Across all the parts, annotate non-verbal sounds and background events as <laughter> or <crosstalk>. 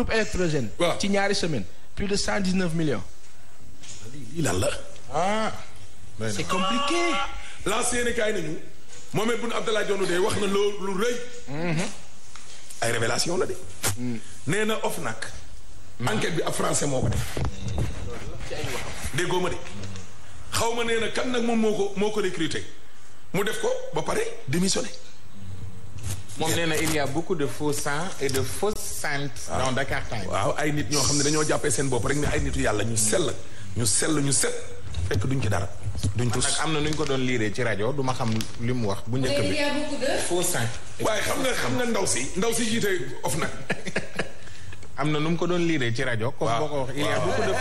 groupe électrogène. waaw ci ñaari semaine plus de cent dix neuf la. ah. c'est compliqué. la séené kaay nañu. Mohamed Boun Abdallah Dionne de wax na loo lu rëy. Mm-hmm. ay révélation la de. Mm. nee na OFNAC. Mm. bi ab français moo ko def. déggoo ma de. xaw ma nee na kan nag moom moo ko moo ko recruté. mu def ko ba pare démissionné. moom nee il y a beaucoup de faux sang et de fausses. sainte ah. dans Dakar Times waaw ay nit ñoo xam ne dañoo jàppee seen bopp rek ne ay nitu yàlla ñu sell ñu sell ñu set fekk duñ ci dara duñ tus nag am na nuñ ko doon liiree ci rajo duma xam li mu wax bu njëkk bi faux xam na xam nga ndaw si ndaw si jiite of nag <laughs> am na nu mu ko doon liiree ci rajo comme boo ko wax il y a beaucoup de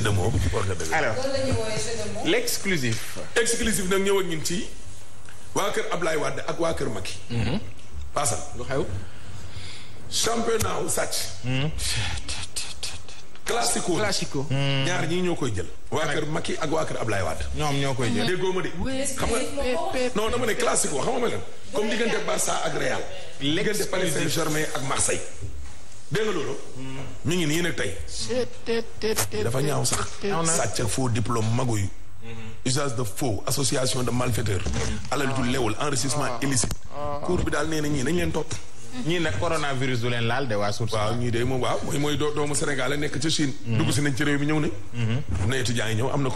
<laughs> de mots alors l'exclusif exclusif nag ñëw ak ñun ci waa kër Ablaye Wade ak waa kër Macky mhm. paasal lu xew. championnat wu sàcc. Hmm. classico hmm. ñaar ñii ñoo koy jël. waa kër Macky ak waa kër Ablaye Wade. ñoom ñoo koy jël déggoo ma de. xam nga non dama ne classico xam nga leen comme diggante Barça ak Real. diggante Paris Saint-Germain ak Marseille. dégg nga loolu. ñu hmm. ngi nii nag tey. dafa ñaaw sax. sàcc faux diplôme maguy. usage de faux association de malfaiteurs. alal ju lewul enrichissement ah. illicite. cour bi daal nee ñii nañ leen topp. ñii nag coronavirus du leen laal de waa suuf waaw ñii de moom waaw mooy mooy nekk ca Chine. Mm-hmm. dugg si nañ ci réew na mm-hmm. étudiants yi ñëw am na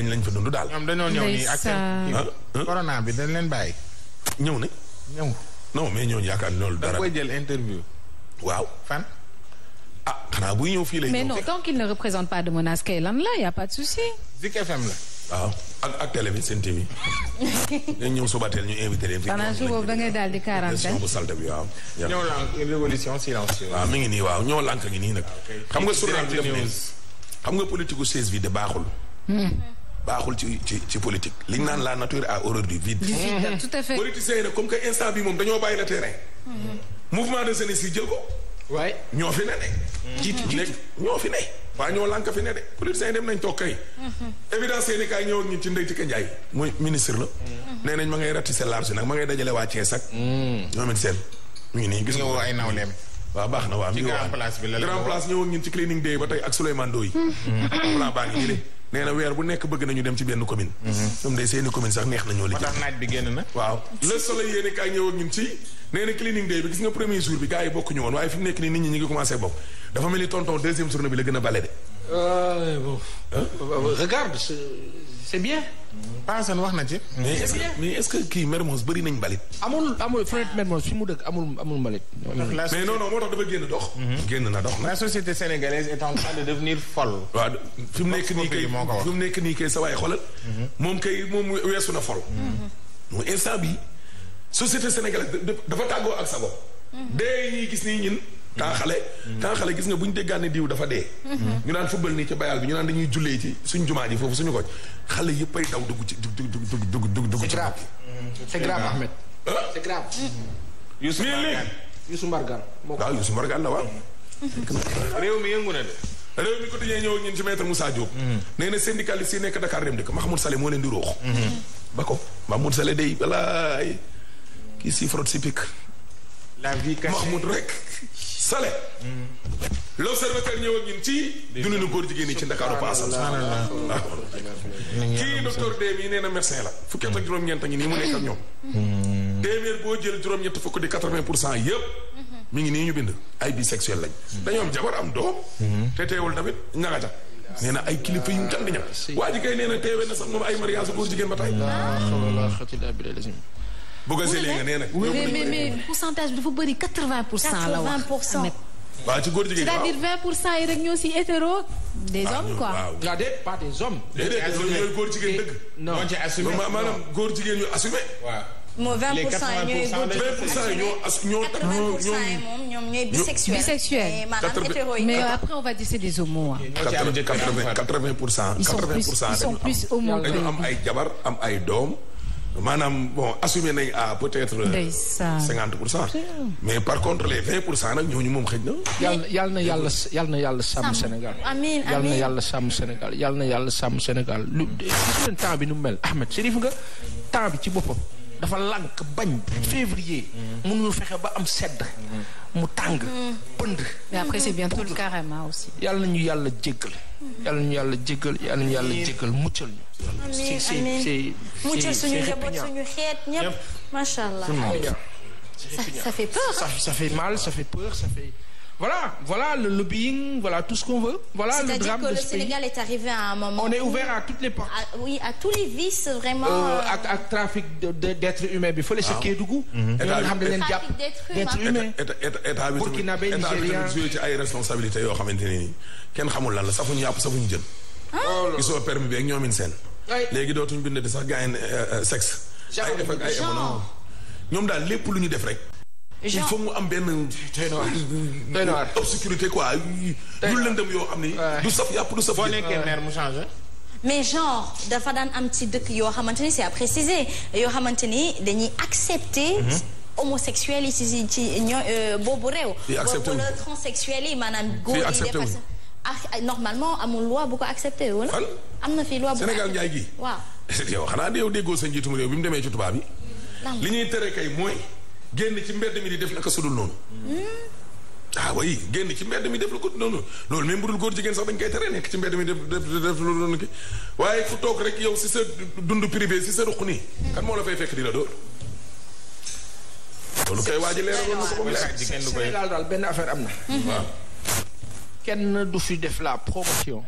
lañ lañ fa dund daal. ñoom dañoo ah, ah. bi dañ leen bàyyi. ñëw nañ. ñëw non mais ñooñu yaakaar loolu dara. da koy jël interview. waaw fan. ah xanaa buy ñëw fii lay. mais non tant qu'il ne représente pas de menace kay lan la y a pas de la. waaw ak ak télé bi seen TV. <laughs> dañ ñëw suba teel ñu invité leen. xanaa su ngay daal di quarante bu salte bi waaw. ñoo lànk révolution silencieuse. waaw mi ngi nii waaw ñoo lànk ngi nii nag. Ah, xam nga surnaal bi def nga politique gu seize bi de baaxul. Hmm. baaxul ci ci ci politique. li ñu naan la nature a horreur du vide. Eh, eh. tout à fait. politiciens yi comme que instant bi moom dañoo bàyyi la terrain. Hmm. mouvement de jeunesse yi jël ko. waay ñoo fi ne ne. Hmm. jiitu jiitu ñoo fi ne. waa ñoo lànk fi ne de politiciens yi mhm. kaay ñëw ak ñun ci Ndeye Tické Ndiaye muy ministre la. Mhm. nee nañ ma ngay ratisser large nag ma ngay dajale waa Thiès ak. Mhm. ñoom it seen mu ngi nii gis nga woo ay nawleem. baax na waaw mi ngi ngi nii nee na weer bu nekk bëgg nañu dem ci benn commune. ñoom de seeni commune sax neex nañoo. li tax na. waaw le soleil yéen i kaay ñëw ak ñun ci. nee na cleaning day bi gis nga premier jour bi gars yi bokkuñu woon waaye fi nekk dafa mel ni tonton deuxième journée bi la gën a bale de. Euh, regarde c'est bien. Paasan wax na ci. mais est-ce que mais que kii Mermoz bëri nañ mbalit. amul amul fenêtre Mermoz fi mu dëkk amul amul mbalit. mais non non moo dox. Mhm. génn na dox na. la société sénégalaise est en train de devenir folle. waaw fi nekk nii kay sa waay xoolal. Mhm. moom kay moom weesu na fol. Mhm. mu instant bi société sénégalaise dafa tàggoo ak sa bopp. dee ñuy gis nii ñun. temps xale temps xale gis nga bu ñu déggaan ne diw dafa dee mhm. ñu naan football nii ci bayal bi ñu naan dañuy jullee ci suñ jumaa ji foofu suñu ko xale yëpp ay daw dugg ci dugg dugg dugg dugg dugg dugg ci mhm. c'est grave Ahmed c'est grave mhm. Youssou Mbargane Youssou Mbargane waaw Youssou Mbargane la waaw réew mi yëngu na de réew mi ko dañee ñëw ñun ci maître Moussa Diop nee na syndicaliste yi nekk Dakar dem dëkk Mahmoud Saleh moo leen di roox ba ko Mahmoud Saleh day balaay kii si fraude si pic la vie cachée Mahmoud rek Salé. l'observateur ñëw ak ñun ci. dundu góor jigéen yi ci Ndakaaru paasam. kii docteur Deme yi nee na médecin la. fukki at ak juróom-ñeent ngi nii mu nekk ak ñoom. Hmm. téeméer boo jël juróom-ñett fukk di quatre-vingt pour cent yëpp. mu ngi nii ñu bind ay bisexuel lañ. Hmm. dañoom am jabar am doom. Hmm. te teewul tamit ñaga ja. nee na ay kilifa yu njàng ña. waa ji kay nee na teewee na sax moom ay mariage góor jigéen ba tey. bu ko sëlee nga nee nag. mais mais pourcentage bi dafa bëri 80 pour cent la wax 80 pour cent. waaw ci góor jigéen c'est-à-dire 20 pour cent rek ñoo si hétéro. des ah, hommes quoi waaw déet pas des hommes. déedéet des hommes yooyu góor jigéen dëgg. non maanaam góor jigéen pour cent ñooy góor moom ñoom ñooy bisexuel. am ay jabar am ay doom. maanaam bon assumé nañ à peut-être. Euh, cinquante pour cent. mais par contre les vingt pour cent nag ñooñu moom xëj na. yal na yàlla yal na yàlla sàmm Sénégal. amiin amiin yal na yàlla sàmm Sénégal yal na yàlla sàmm Sénégal lu gis leen temps bi nu mel Ahmed Chérif nga temps bi ci boppam dafa lànk bañ. février mm. mënul fexe ba am sedd. Mm. mu tàng. pënd. mais après c'est bientôt le carrément aussi. yàlla na ñu yàlla jéggal. yàlla na yàlla jéggal yàlla na ñu yàlla jéggal muccal ñu. amiin amiin muccal suñu njaboot suñu xeet macha allah. ça fait peur ça fait mal ça peur ça fait. Voilà, voilà lobbying, voilà tout ce qu'on veut. Voilà le drame que de ce pays. C'est-à-dire que le Sénégal est arrivé à un moment. ouvert à toutes les portes. À, tous les vices vraiment. Euh, euh trafic d'êtres humains bi fële ca ah Kédougou. Mhm. état bi xam ne leen jàpp d'êtres humains. état Nigéria ci ay responsabilités yoo xamante ne kenn xamul lan la safuñu yàpp safuñu jën. gisoo permis bi ak ñoomin seen. léegi dootuñu bindati sax gars yi euh, euh, sexe. ay ñoom daal lépp lu ñu def rek. il faut mu am benn. tey na waar tey na waar obscurité quoi. tey lu lëndëm yoo xam ni. du saf yàpp du saf. boo nekkee maire mu changé. mais genre dafa daan am ci dëkk yoo xamante ni c'est à préciser yoo xamante ni dañuy accepter. Mhm. homosexuels yi ci ci ñoo euh, boobu réew. di accepté wu wala transsexuels yi maanaam. góor yi des personnes ah, ah, normalement amul loi bu ko accepté wala. am na fi loi bu ko Sénégal njaay gi. waaw. <laughs> yow xanaa yow déggoo sa njiitum réew bi mu demee ci tubaab yi. li ñuy tere kay mooy. génn ci mbedd mi di def naka sudul noonu. Hmm. ah oui génn ci mbedd mi def lu ko noonu loolu même bu góor jigéen sax dañ koy tere nekk ci mbedd mi def def def lu toog rek yow si sa dund privé si sa ruq nii. kan moo la fay fekk loolu kay waaj a leeraloon na ko ba mu leer. Sénégal daal benn affaire am na. kenn du fi def la promotion.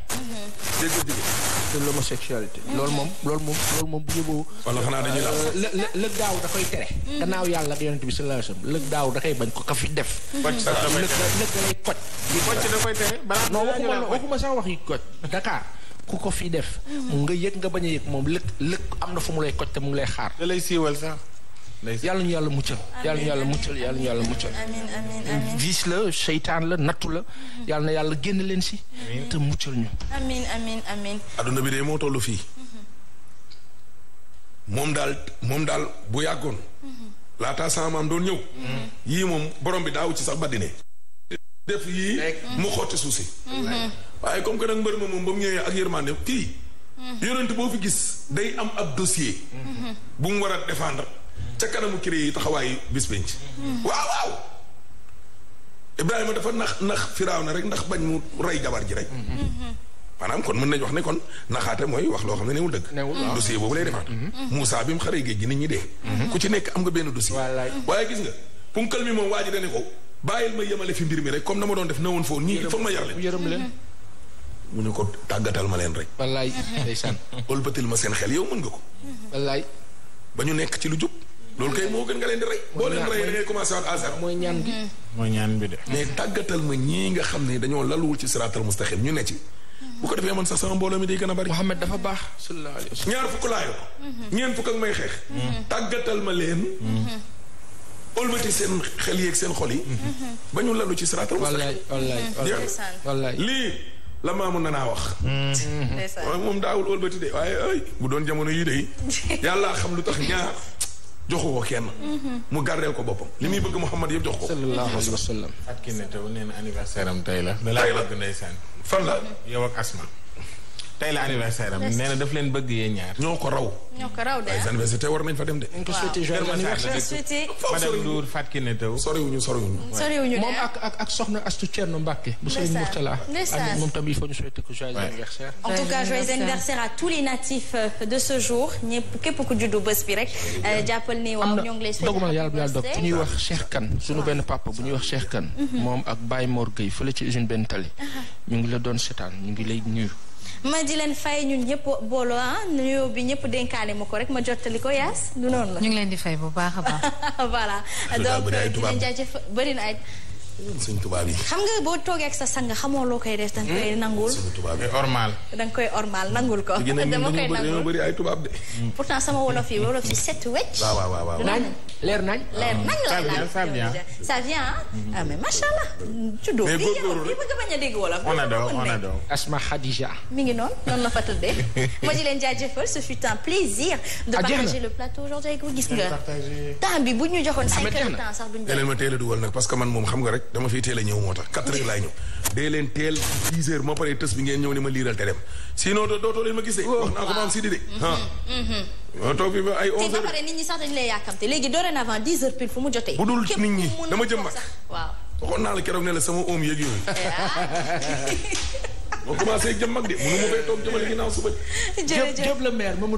de l'homosexualité mm-hmm. loolu moom loolu moom loolu moom bu yóbboo. wala xanaa euh, lëg daaw da koy tere. Mm-hmm. gannaaw yàlla ak yonent bi sallallahu alayhi lëg daaw da koy bañ ko ka fi def. kocc sax da koy tere lëg lay kocc. kocc da koy tere balaa non waxuma sax wax yi kocc ku ko fi def. Mm-hmm. nga yëg nga bañ a yëg moom lëg lëg am na fu mu lay kocc te mu ngi lay xaar. da lay siiwal yàlla ñu yàlla muccal yàlla ñu yàlla muccal yàlla ñu yàlla muccal viis la seytaan la nattu la mhm. yàlla na yàlla génn leen si te muccal ñu amin amin amin adduna bi de moo tollu fii mhm. moom daal moom daal bu yàggoon mhm. laata sama maam doon ñëw yii moom borom bi daaw ci sax baddine def yii mu xotti suuf waaye comme que nag mbër ma moom ba mu ñëwee ak yërmande kii yonent boo fi gis day am ab dossier bu mu war a défendre ca kanamu kiré yi taxawaay bis penc mm-hmm. waaw waaw Ibrahima dafa nax nax firaaw na rek ndax bañ mu rey jabar ji rek mm-hmm. Mm-hmm. maanaam kon mën nañu wax ne kon naxaate mooy wax loo xam ne newul dëgg dossier boobu lay defaat Moussa bi mu xaree géej gi nit ñi dee ku ci nekk am nga benn dossier waaye gis nga punkal mi moom waa ji dane ko bàyyil ma yemale fi mbir mi rek comme na ma doon def na woon foofu ñii il faut ma yar leen mu ñu ko tàggatal ma leen rek wallaay ndeysaan <laughs> ëlbatil ma seen xel yow mën nga ko wallaay ba ñu nekk ci lu jub loolu kay moo gën nga leen di rey. boo leen rey da ngay commencé waat à zéro. mooy ñaan bi mm-hmm. mooy ñaan bi de. mais tàggatal ma ñii nga xam ne dañoo laluwul ci siraatal mustaxim ñu ne ci. Mm-hmm. bu ko defee man sax sama mbooloo mi day gën a bari. Mouhamed dafa baax. sallallahu alayhi wa ñaar fukk laa yor. Mm-hmm. ñeent fukk ak may xeex. tàggatal ma leen. olbati seen xel yéeg seen xol yi. ba ñu lalu ci siraatal mustaxim. wallaay wallaay lii la maamu nanaa wax. moom daawul olbati de waaye ay bu doon jamono yii de <laughs> yàlla xam lu tax ñaar. joxu ko kenn. mu gardeel ko boppam. li muy bëgg Muhammad yëpp jox ko. sallallahu alayhi wa sallam. ak ki ne taw nee na anniversaire am tey la. tey la fan la yow ak Asma. tey la anniversaire am nee na daf leen bëgg yee ñaar. ñoo ko raw. te war nañ fa dem de. waaw ñu ko souhaité joyeux anniversaire. madame Ndour Fatou Kiné Taw. moom ah. ak ak ak soxna Astou Thierno Mbacké. bu Serigne Mourtala. ndeysaan moom tamit il faut ñu souhaité ko joyeux anniversaire. en tout cas joyeux anniversaire à euh, ñëpp képp ku juddu bés bi rek. Euh, jàppal ni waaw ñoo ngi lay. souhaité doguma yàlla bu yàlla dog bu ñuy wax Cheikh kan suñu benn papa bu ñuy wax Cheikh kan mhm. moom ak Baye Mor Gueye fële ci usine benn tali. ñu ngi la doon seetaan ñu ngi lay nuyu ma di leen fay ñun ñëpp booloo ah nuyoo bi ñëpp dénkaane ma ko rek ma jottali ko yaas du noonu la. ñu ngi leen di fay bu baax a baax. <laughs> voilà donc euh, di leen jaajëf bëri na ay. suñ tubaab yi. xam nga boo toogee ak sa sang xamoo loo koy def da nga koy hmm? nangul. suñu tubaab yi ormal. da nga koy ormal nangul ko. dama koy nangul bëri ay tubaab de. pourtant sama wolof yi wolof yi set wecc. waaw waaw waaw nañ leer nañ. leer nañ la la ça vient ça vient ah mais macha allah. tuddoo bi yow bi bëgg bañ a dégg wolof. on adore on adore Asma Khadija. mi ngi noonu noonu la fa tuddee. <laughs> ma di leen jaajëfal ce fut un plaisir. de ah, partager le plateau aujourd'hui gis nga. temps bi bu ñu joxoon ah, cinq heures de temps sax duñu. parce que man moom xam nga rek rek dama fiy teel a ñëw moo tax quatre heures laay ñëw dee leen teel dix heures ma paree tës bi ngeen ñëw ne ma liiral te dem sinon dootoo leen ma gis de wax naa ah. Ah. Mm-hmm. Ah, pare nit ñi sax dañu lay yàkkamte léegi dorénavant dix heures pile fu mu jotee bu dul nit ñi dama jëm mag waaw waxoon naa la keroog ne la sama oom yëg yooyu <laughs> <laughs> ma commencé jëm mag de mënu ma fay toog jëmale ginnaaw suba <laughs> jërëjëf le maire